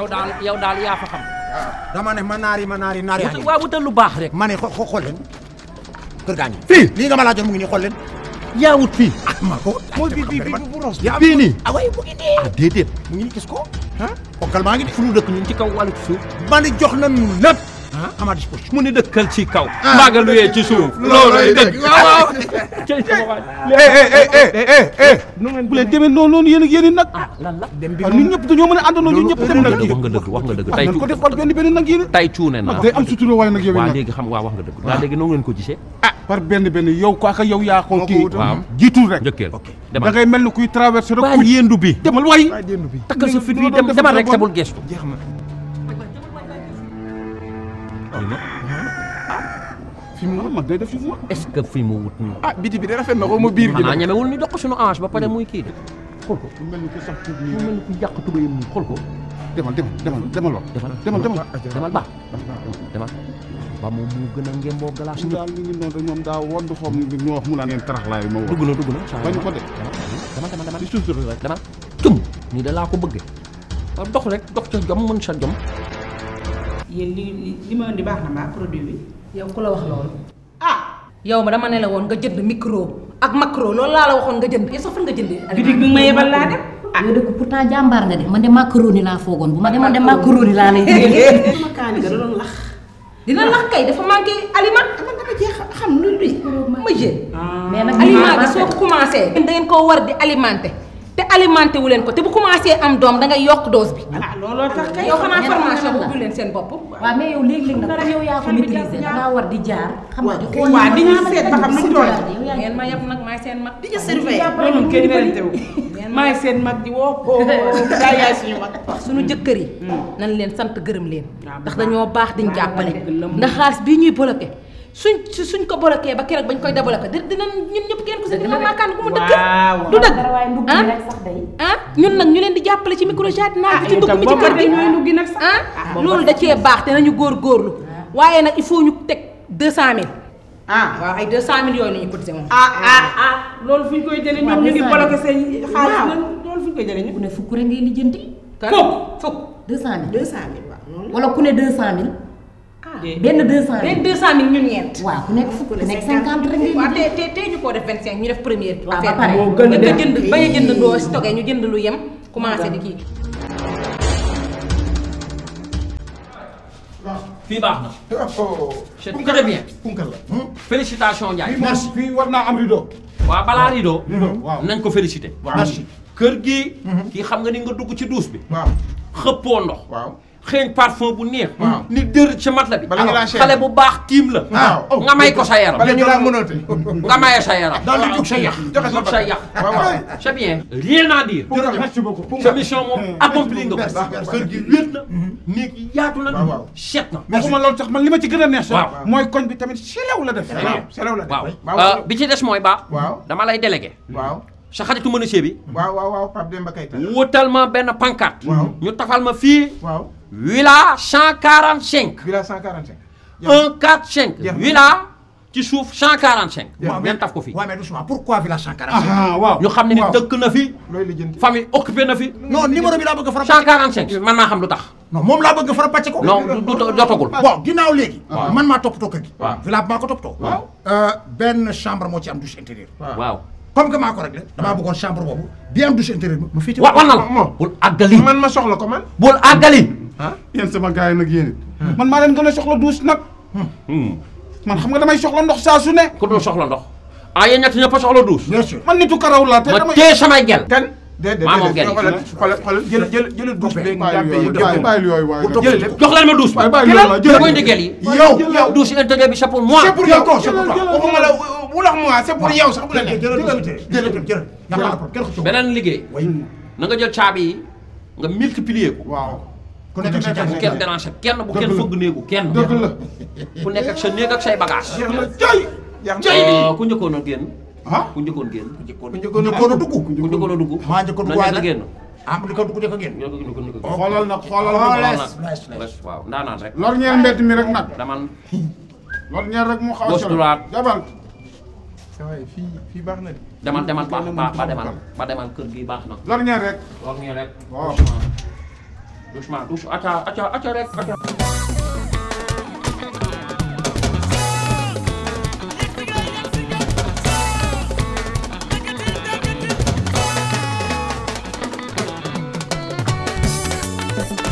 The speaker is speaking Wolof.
yow daal yow yaa fa xam. Ah, dama ne ma naari ma naari waa bu wutal lu baax rek. ma ne xo xool leen kër gaa ngi. fii lii nga ma laajoon mu ngi nii xool leen. yaa wut fii. ah ma ko mooy bi bi bu bu ross. nii ah mu ngi nii. ah déedéet mu ngi nii gis ko. ah kooku maa ngi nii. fu ñu dëkk ñun ci kaw wàllu suuf. ma ne jox nañu lépp. ama dispos mu ni dëkkal ci kaw ah, mbaa nga ci suuf loolu dëgg waaw bu leen demee noonu noonu yéen nag ah, dem bi ah, ñun ñëpp dañoo mën a àndandoo ñun ñëpp nag wax nga dëgg wax nga dëgg tey ko def nag yéen cuune na day am sutura waaye nag yow waaw léegi xam waaw wax nga dëgg waaw léegi noonu ngeen ko gisee ah mel ni kuy traversé rek bi demal waay takkal sa fit bi dem demal rek tabul gestu jeex na na. fi mu wut day def fi mu fi mu wut nii. ah biti bi de rafet na ko ma biir gi. xanaa ñemewul ñu dox suñu ange ba pare muy kii de. xool ko mu mel ni ku sax tuub nii mu mel ni ku ko. demal demal demal demal lool. demal demal demal baax demal. ba moom mu gën a ngemboo glace. daal li ñu doon rek ñoom daa wond xoom ñu wax mu naan ngeen taraxlaay ma woo. dugg na dugg na saa bañ ko de. demal demal demal laa ko bëggee. dox rek dox ca jom mën sa jom. yéen li li ma di baax na mbaa produit bi. yow ku la wax loolu. ah. yow ma dama ne la woon nga jënd micro ak macro loolu laa la waxoon nga jënd. yow sax fan nga jëndee. bitig bi ma yebal laa dem. ah yow de pourtant jàmbaar nga de man de macaroni laa foogoon ma demoon de macaroni laa lay jëndee. sama kaani ga da doon lax. dina lax kay dafa manqué aliment. Ah, man dama jeex xam lu ma jeex. Ah. mais nag aliment bi soo ko commencé. da koo war di alimenté. te alimenté wu leen ko te bu commencé am doom da ngay yokk doos bi. ah looloo tax kay yow xanaa formation bu leen seen bopp. waaw mais yow léeg di jaar. xam nga di xool waaw di ñu seet ba xam ma seen mag. di ñu surveillé loolu kenn seen mag di woo ko daa yaay suñu mag. suñu jëkkër yi. Hmm. nañ leen sant gërëm leen. ndax dañoo baax diñ jàppale. ndax xaalis bii ñuy bloqué. suñ suñ ko bloqué ba keroog bañ koy débloqué dinañ ñun ñëpp kenn ku si dina maakaan ku mu dëkk du dëgg ah? ah ñun nag ñu leen di jàppale ci micro jardinage bi ah, ci dugg mi ci kër gi ah, ah loolu da cee baax te nañu góorgóorlu waaye nag i faut ñu teg deux cent mille ah waaw ay deux cent mille yooyu nañu cotisé moom ah ah loolu fu ñu koy jëlee ñu ngi bloqué fu ñu koy jëlee ñu ku ne fukk rek ngay lijjanti fukk fukk deux cent mille deux wala ku ne deux cent mille benn 200000 benn 200000 ñun ñeent. waaw ku nekk fukk ku nekk 50 rek ngay waaw te te ñu koo def 25 ñu def waaw ah, a nga jënd ba ñu jënd doo stocké ñu jënd na. Oh. Hmm? am rido. waaw balaa rido. waaw nañ ko félicité. waaw kër gi hmm. kii xam nga ni nga dugg ci duus bi. waaw xëppoo ndox. xëeñ parfum bu neex. ni dër ci mat la bi. xale bu baax tiim la. Ah. Oh. nga may ko sa yaram. bala ñu laa mënoote. nga maye sa yaram. daal di jug sa yàq. joxe sa sa yàq. c'est bien. rien à dire. merci beaucoup sa mission moom accompli nga ko. kër gi wéet na. Mm-hmm. néeg yi yaatu na. seet na. merci loolu sax man li ma ci gën a neex. waaw mooy koñ bi tamit selew la def. waaw selew la def. waaw euh, bi ci des mooy baax. waaw dama lay délégué. waaw. sa xaritu menuisier bi. waaw waaw waaw Pape ma benn pancarte. waaw ñu tafal ma fii. waaw villa 145. villa 145. 145. villa ci suuf 145. waaw ngeen taf ko fii. Ah, ah, waaw mais ñu xam ne ni dëkk na fi. famille occupé na fi. non numéro bi laa bëgg a faram. 145 man maa xam lu tax. non moom laa bëgg a faram pàcce ko. non du jotagul. bon ginnaaw léegi. man maa toppatoo kër gi. waaw villa bi maa ko toppatoo. waaw euh, benn chambre moo ci am douche intérieure. waaw. comme que maa ko réglé damaa bëggoon chambre boobu bien douche intérieur bi ma féete. waaw waaw bul àggali man ma soxla ko man. bul àggali. ah yéen sama yi nag yéen it. Hmm. man maa leen gën a soxla douche nag. Hmm. Hmm. man xam nga damay soxla ndox saa su ne. ku dul soxla ndox. ah yéen ñett ñëpp a te samay gel. ten déedéet déedéet xoolal xoolal xoolal jël jël jël douche beeg njàmbe yi jël bàyyi yooyu waay ma douche. waay bàyyi yooyu waay jël jël yow douche intérieur bi c'est pour bu la moi c'est pour yow sax bu la nekk jërëjëf beneen liggéey na nga jël caabi nga multiplier ko waaw ku nekk ak bu kenn déranger kenn bu kenn fëgg néegu kenn dëgg la ku nekk ak sa néeg ak say bagage jay euh, ku njëkkoon a génn ku njëkkoon génn ku njëkkoon a dugg ku njëkkoon a dugg maa njëkkoon waaye nag génn na bu njëkkoon dugg njëkk a génn ah, xoolal nag xoolal nag waaw ndaanaan rek lor rek nag daman lor ñeer rek mu waaye fii fii baax na de. demal demal baax ba demal ba demal kër gi baax na. lor ñaar rek. lor ñaar rek. waaw doucement doucement acca acca acca rek acca. Thank you.